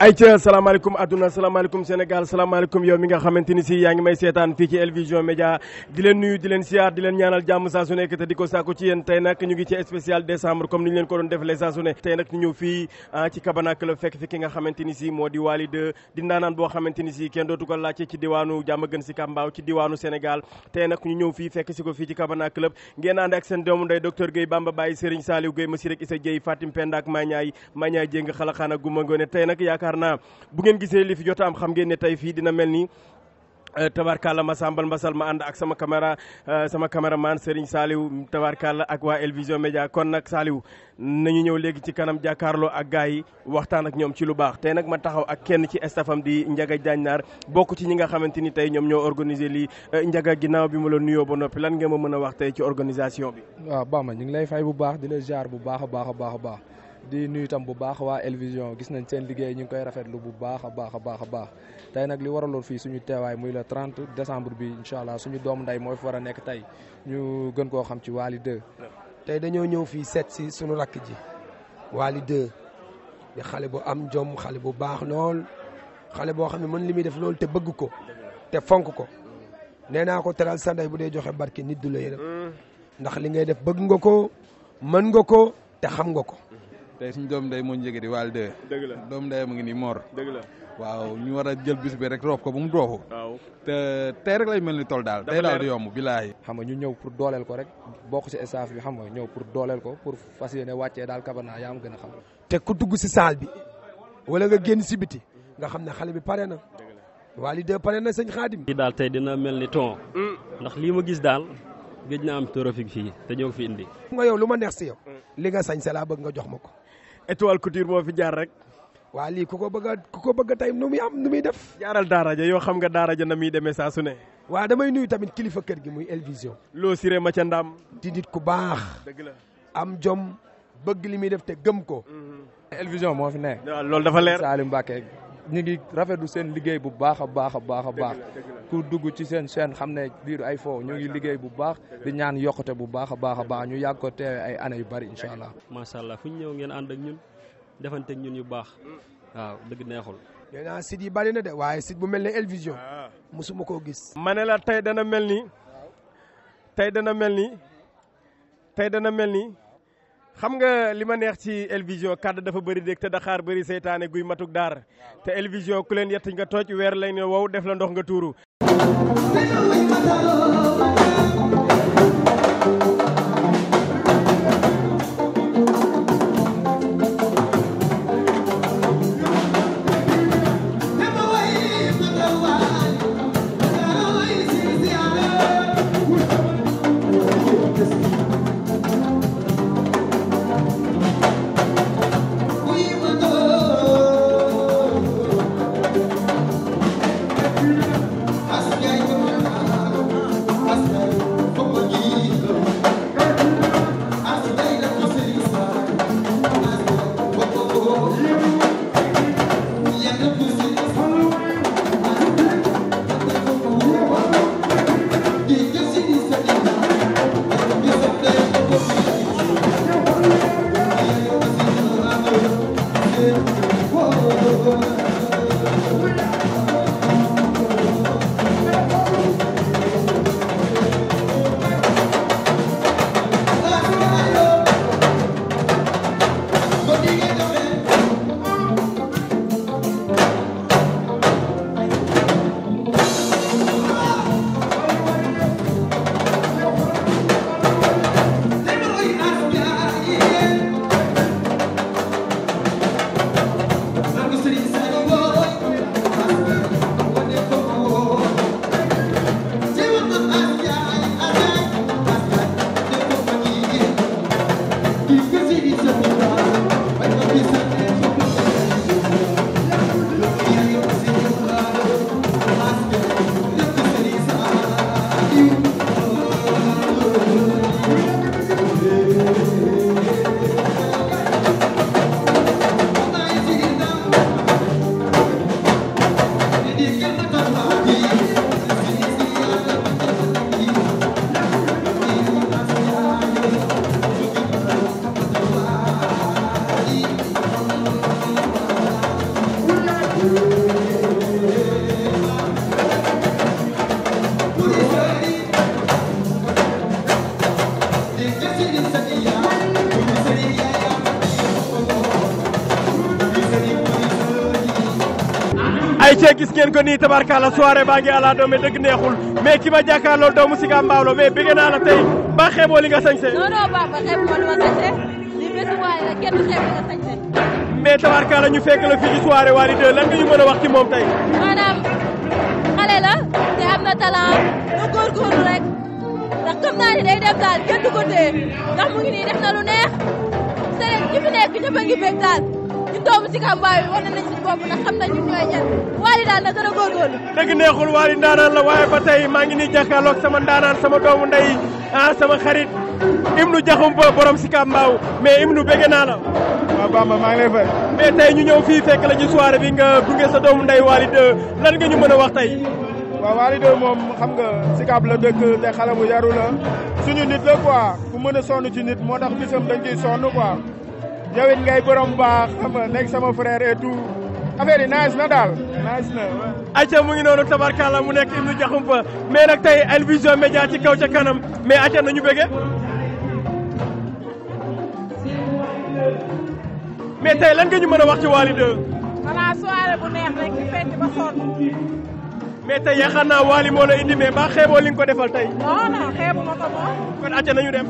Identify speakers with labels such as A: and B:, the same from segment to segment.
A: ay ca salaamaaleykum adduna Senegal Sénégal salaamaaleykum yow mi nga xamante ni si may seetaan fii ci El Vision di leen nuyu di leen siyaar di leen ñaanal jàmm saa su nekk te di ko sàkku ci yéen tey nag ñu ngi ci spécial décembre comme ni ñu ko doon defalee saa su ne tey ñu ñëw fii ah, ci Kabana Club fi ki nga xamante ni si moo di Wally 2 di ndaanaan boo xamante si ko laajte ci diwaanu jàmm gën si Kambaaw ci diwaanu Sénégal tey nag ñu ñëw fii fekk si ko fii ci Club ngeen ak doomu ndey docteur Bamba Baye Serigne Saliou Guèye Massiré Issa Dieye Fatim pendak ak Magnaay Magnaay Jéng Xalaxaan ak yaakaar naa bu ngeen gisee li fi jot am xam ngeen ne tey fii dina mel ni. Euh, la ma sambal sal ma ànd ak sama caméra euh, sama caméraman Serigne Saliou la ak waa El Vision Média kon nag Saliou nañu ñëw léegi ci kanam jàkkaarloo ak gars yi waxtaan ak ñoom ci lu baax tey nag ma taxaw ak kenn ci stafam di Ndiaga Diagne Nar bokk ci ñi nga xamante ni tey ñoom ñoo organisé lii euh, Ndiaga ginnaaw bi ma la nuyoo ba noppi lan nga ma mën a wax tey ci organisation bi. waaw Bama ñu ngi lay fay bu baax di jaar bu baax a baax a baax a baax. di nuyu tam bu baax waa Elvision gis nañ seen liggéey ñu ngi koy rafetlu bu baax a baax a baax a baax tey nag li waraloon fii suñu teewaay muy la 30 décembre bi incha allah suñu doom nday mooy fi war a nekk tey ñu gën koo xam ci Wally dë tey dañoo ñëw fii seet si suñu rakk ji Wally dë di xale bu am jom xale bu baax lool xale boo xam ne mën li muy def loolu te bëgg ko te fonk ko nee naa ko teral sa ndey bu dee joxe barke nit du la yërëm mm. ndax li ngay def bëgg nga ko mën nga ko te xam nga ko. tey suñ doom day moñ njëge wal de la doom day mu ngi ni mor deug la waaw ñu war a jël bis bi rek roof ko bu mu doofu waaw te tey rek lay mel ni daal day di yomb bilaahi xam nga ñu ñëw pour dooleel ko rek bokk ci staff bi xam nga ñëw pour dooleel ko pour fas yéene wàccee daal kabanaa yaa gën xam te ku dugg si saal bi wala nga génn si biti nga xam ne xale bi pare na waa li de pare na señ xaadim yi daal tey dina mel ni ton mm. ndax lii ma gis daal géej na am torofik fii te ñoo fi indi nga yow lu ma neex si yow li nga sañ bëgg nga jox ma étoile couture moo fi jaar rek. waa lii ku ko bëgg ku ko bëgg a tey nu muy am nu muy def. jaaral daara ja yoo xam nga daara ja na muy demee saa su ne. waa damay nuyu tamit kilifa kër gi muy El loo siree ma ndaam ndam. di nit ku baax. dëgg la am jom bëgg li muy def te gëm ko. Mm-hmm. El Vision moo fi nekk. waaw loolu dafa leer Salim Mbacke. ñu ngi rafetlu seen liggéey bu baax a baax a baax a baax ku dugg ci seen chaîne xam ne lii ay fo ñu ngi liggéey bu baax di ñaan yokkute bu baax a baax a baax ñu yàgg ko teewee ay années yu bari incha allah. macha allah fu ñu ñëw ngeen ànd ak ñun defante ak ñun yu baax waaw dëgg neexul. nee naa site yi bari na de waaye site bu mel ne Elvision. Ah. mosuma koo gis. ma ne la tey dana mel ni. tey dana mel ni. dana mel ni. xam nga li ma neex ci Elvision kàddu dafa bëri dégg te daxaar bëri seytaane guy matuk daar te Elvision ku leen yett nga toj weer lay ne waw def la ndox nga tuuru cee gis ko nii tabarkalla soirée baa ngi ala doome dëgg neexul mais ki ma jàkkaarloo doomu Sicap Mbao la mais tey ba xeeboo li nga sañse non non papa xeeboo la ñu fekk la fii ci soirée Wally lan nga ñu mën a wax ci moom tey maanaam xale la te am na talent lu góorgóorlu rek ndax gëm naa ni dem daal kenn du ko mu ngi def na lu neex sëriñ ñi fi nekk ñëpp a ngi bég ci doomu si kambaay bi wane nañ suñu bopp ndax xam nañ ñun ñooy ñan Wally na gën a góorgóorlu waaye ba tey maa ngi nii jàkkaarloog sama ndaanaan sama doomu ndey ah sama xarit Ibnou Diakhoumpa borom si kambaaw mais Ibnou bëgg naa la ma Bamba maa ngi lay fay mais tey ñu ñëw fii fekk la ci bi nga gunge sa doomu ndey Wally 2 lan nga ñu mën a wax tey waaw Wally 2 moom xam nga Sicap la dëkk te xale bu yaru la suñu nit la quoi ku mën a sonn ci nit moo tax bisam dañ ciy yow it ngay borom baax xam nga nekk sama frère et tout affaire yi na daal nice na. acca mu ngi noonu tabarkalla mu nekk Ibnou Diakhoumpa mais nag tey El Vision Médias ci kaw ca kanam mais acca nañu bëggee. mais tey lan nga ñu mën wax ci Wally 2. voilà soirée bu neex rek ñu fekk ba sonn. mais tey yaakaar naa Wally moo indi mais ba xeeboo ko defal tey. non non xeebu ma ko moom. kon acca nañu dem.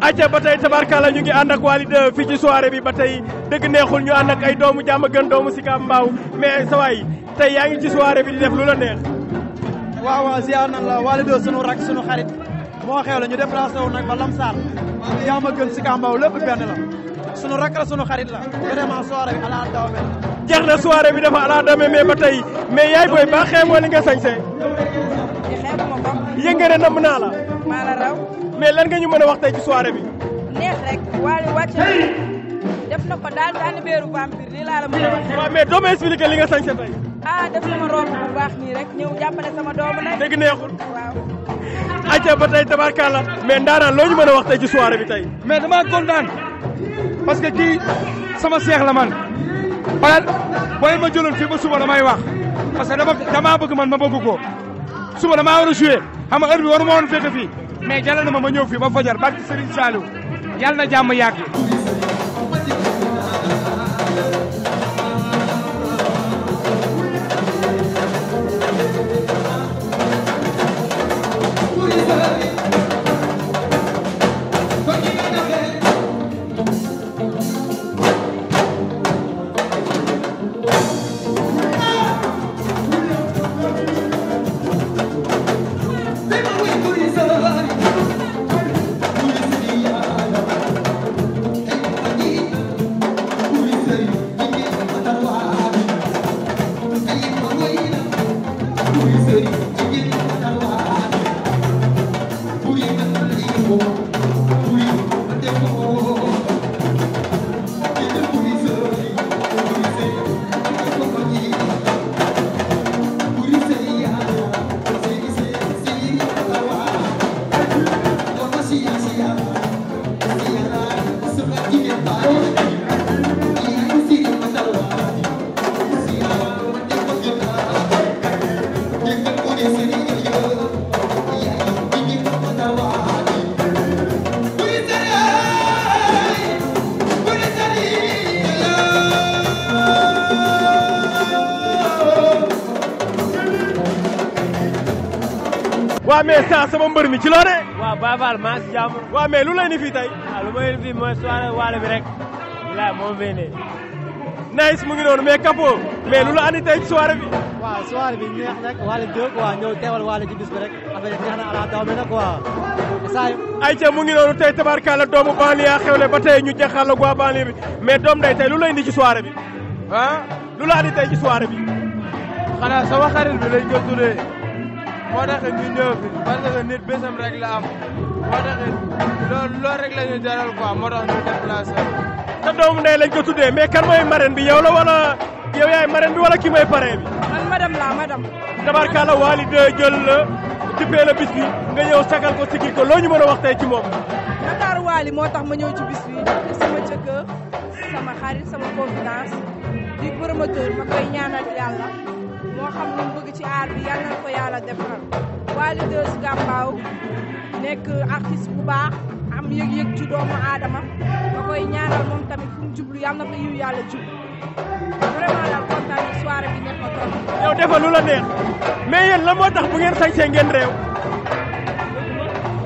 A: acca ba tey tabarkala ñu ngi ànd ak Wally 2 fii ci bi ba tey dëgg neexul ñu ànd ak ay doomu jàmm gën doomu Sicap Mbao mais sawaay tey yaa ngi ci soirée bi di def lu la neex waaw waaw ziar nan la Wally 2 sunu rak sunu xarit moo xew la ñu déplacé wu nag ba Lamsar yaa ma gën Sicap Mbao lépp benn la sunu rak la sunu xarit la vraiment soirée bi ala dawme jeex na soirée bi dafa ala dawme mais ba tey mais yaay booy baa xeemoo li nga sañse yëngëre namm naa la maa mais lan nga ñu mën a wax tey ci neex rek waaye wàcc na def na ko daal daal beeru vampire lii laa la mën a wax. waaw mais doo ma expliqué li nga sañse tey. ah def sama rek ñëw jàppale sama doomu nag. dëgg neexul waaw. acca ba tey tabarkàlla mais ndaanaan loo ñu mën a wax tey ci soirée bi tey. mais dama kontaan parce que kii sama seex la man balaa booy ma jëloon fii ba suba damay wax parce que dama damaa bëgg man ma bëgg ko suba damaa war a joué fii. mais jaral na ma ma ñëw fii ba fajar barke Serigne Saliou yàlla na jàmm yàgg. waa mais saa sama mbër mi ci loo de. waaw Babaal maa si jàmm. waa mais lu lay ni fii tey. waaw lu may ni fii mooy soirée waalo bi rek. bilaay moo fee ne. nice mu ngi noonu mais Capo mais lu la andi tey bi. waaw soirée bi neex rek Wally Diop quoi ñëw teewal Wally ci bis bi rek affaire yi neex na ala daw mi nag quoi. saa ayca mu ngi noonu doomu banlieue xewle ba tey ñu jaxal ak waa banlieue bi lu lay indi bi. ah lu la andi tey bi. xanaa sama xarit bi lañ ko moo tax ñu ñëw fi parce nit bésam rek moo tax loolu loolu rek la ñu moo tax sa doomu ndey lañ ko tuddee mais kan mooy marraine bi yow la wala yow yaay marraine bi wala ki mooy parrain bi. man madame la madame. tabarkaala waali de jël la la bis bi nga ñëw sagal ko sigil ko loo ñu mën a wax tey ci moom. Dakar waali moo tax ma ñëw ci bis bi sama jëkkër sama xarit sama confidence di promoteur ma koy ñaanal yàlla moo xam lu bëgg ci aar bi yàlla ko yàlla defal nekk artiste bu baax. am yëg-yëg ci doomu aadama nga koy ñaanal moom tamit fu mu jublu yàlla na fa yiw yàlla jublu vraiment daal kontaan ni soirée nekk na trop. yow lu la neex mais yéen la moo tax bu sañ sañsee ngeen réew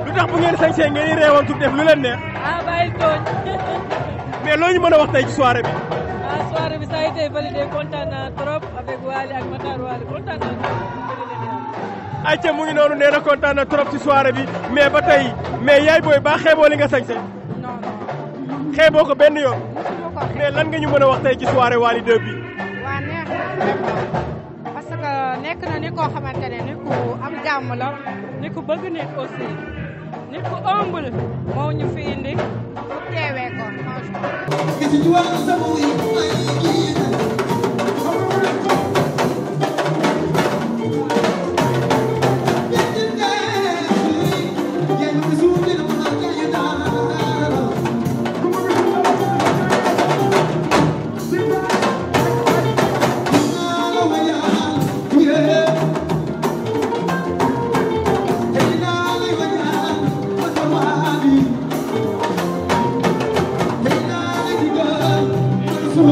A: lu tax bu ngeen sañsee ngeen réewantu def lu leen neex. ah bàyyi tooñ. mais loo ñu mën a wax tey ci soirée bi. ah soirée a été validé kontaan naa trop avec kontaan naa ayca mu ngi noonu nee na kontaan na ci soirée bi mais ba tey mais yaay booy baa xeeboo li nga sañse xeeboo ko benn yoon mais lan nga ñu mën a wax tey ci soirée Wally 2 bi waa neex na parce nekk na ni koo xamante ni ku am jàmm la ni ku bëgg nit aussi ni ku humble moo ñu fi indi ku teewee ko franchement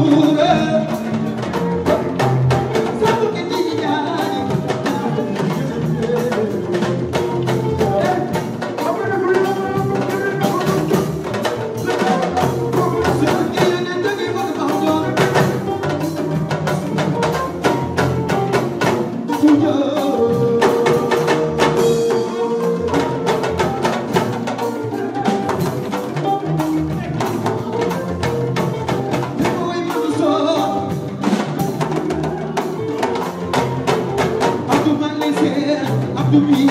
A: Senhor. to be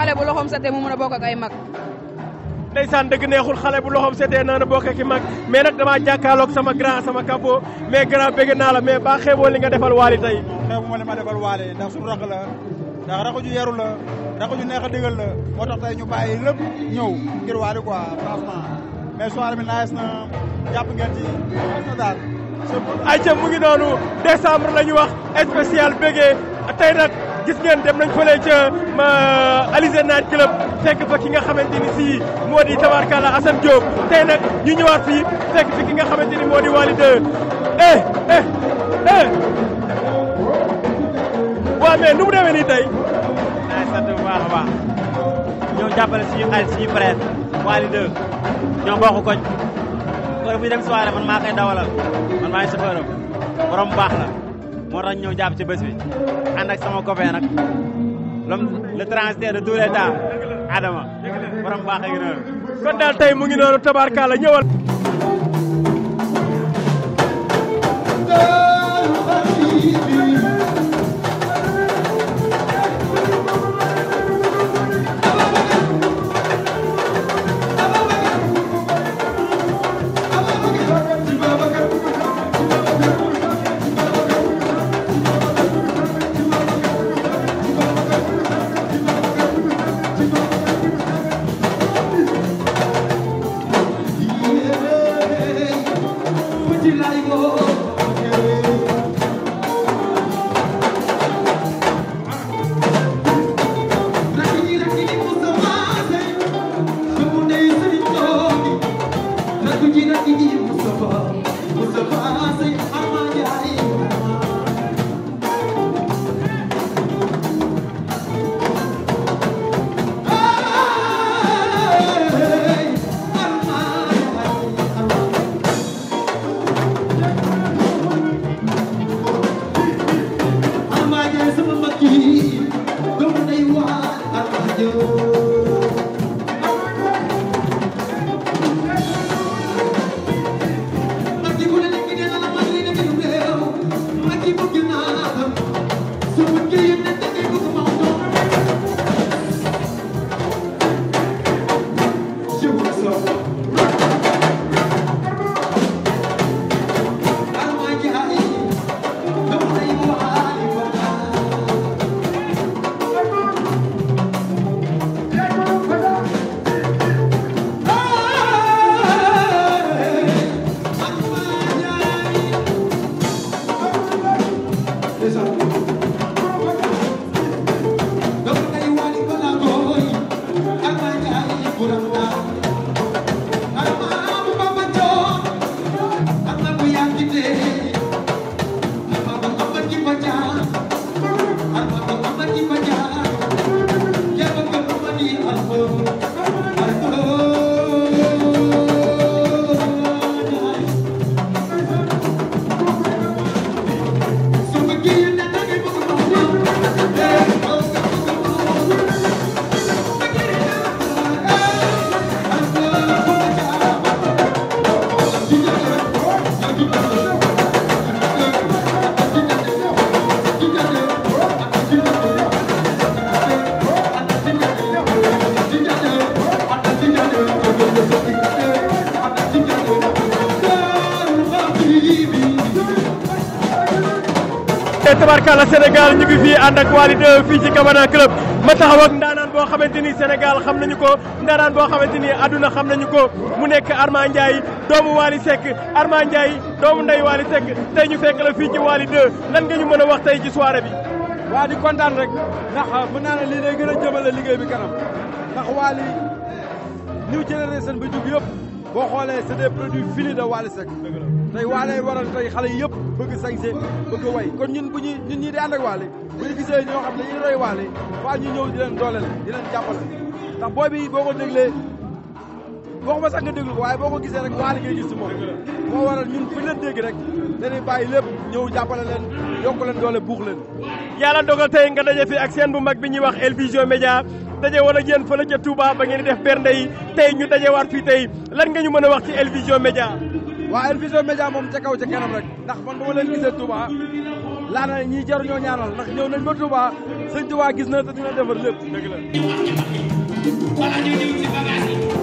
A: xale bu loxoom setee mu mën a bokk ak ay mag. ndeysaan dëgg neexul xale bu loxoom setee naa na bokk ak i mag mais nag damaa jàkkaarloog sama grand sama capot mais grand bëgg naa la mais baa xeeboo li nga defal waali tey. xeebu ma li ma defal waali ndax suñu rakk la ndax rakk ju yaru la rakk ju neex a dëggal la moo tax tey ñu bàyyi lépp ñëw ngir waali quoi franchement mais soirée bi neex na jàpp ngeen ci na daal. ay mu ngi noonu décembre la ñu wax spécial bëggee tey nag. gis ngeen dem nañ fële ca ma Alizé Night Club fekk fa ki nga xamante ni si moo di tabarkalla Assane Diop tey nag ñu ñëwaat fii fekk fi ki nga xamante ni moo di Wally 2 eh eh eh waaw mais nu mu demee nii tey. naay sant bu baax baax ñoo jàppale suñu xarit suñu frère Wally 2 ñoo bokk koñ. kër bu dem soirée man maa koy dawalal man maa ngi chauffeur borom baax la. moo tax ñëw jàpp ci bés bi ànd ak sama copain nag l'homme le transitaire de tous les Adama borom baax a ngi daal tey mu ngi noonu tabaarkaala ñëwal tubarkalla Sénégal ñu ngi fii ànd ak Wally 2 fii ci Cabana ndaanaan boo xamante ni senegal xam nañu ko ndaanaan boo xamante ni àdduna xam nañu ko mu nekk Arma Ndiaye doomu Wally Seck Arma Ndiaye doomu ndey Wally Seck tey ñu fekk la fii ci Wally 2 lan nga ñu mën a wax tey ci soirée bi. waa di kontaan rek ndax ah, mën naa ne lii day gën a jëmale liggéey bi kanam ndax Wally new generation ba jug yëpp boo xoolee c'est des produits finis de yëpp. bëgg sañse bëgg way kon ñun bu ñuy ñun ñi di ànd ak waale bu ñu gisee ñoo xam dañuy roy ñu ñëw di leen dooleel di leen jàppale bi boo ko déglee waxuma sax nga ko waaye boo ko rek waale ngay gis si moom waral ñun fu leen dégg rek dañuy bàyyi lépp ñëw jàppale leen yokk leen doole buux leen yàlla dogal tey nga daje fi ak seen bu mag bi ñuy wax El Vision Média daje Touba ba ngeen def bernde yi ñu lan nga ñu wax ci El Vision waa El Vision Médias moom ca kaw ca kanam rek ndax man ba ma laa na ñii jaru ñoo ñaanal ndax ñëw nañ ba Touba sëñ waa gis na te dina defar lépp dëgg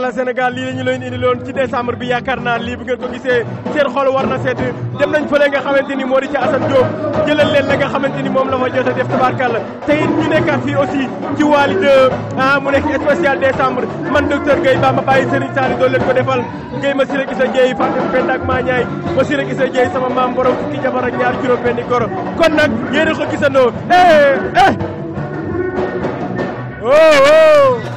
A: allah Sénégal lii la ñu leen indi loon ci décembre bi yaakaar naa lii bu ngeen ko gisee seen xol war na seet dem nañ fële nga ni moo di ca Assane Diop jëlal leen la nga xamante ni moom la fa jot a def tabarkàlla te it ñu nekkaat fii aussi ci Wally 2 ah mu nekk spécial décembre man docteur Guèye ba ma bàyyi Serigne Sall doon leen ko defal Guèye ma sira gis a jeey Fatou Penda ak maa ñaay ma gis a jeey sama maam borom fukki jabar ak juróom benni goro kon nag yéen a ko gisandoo eh eh oh oh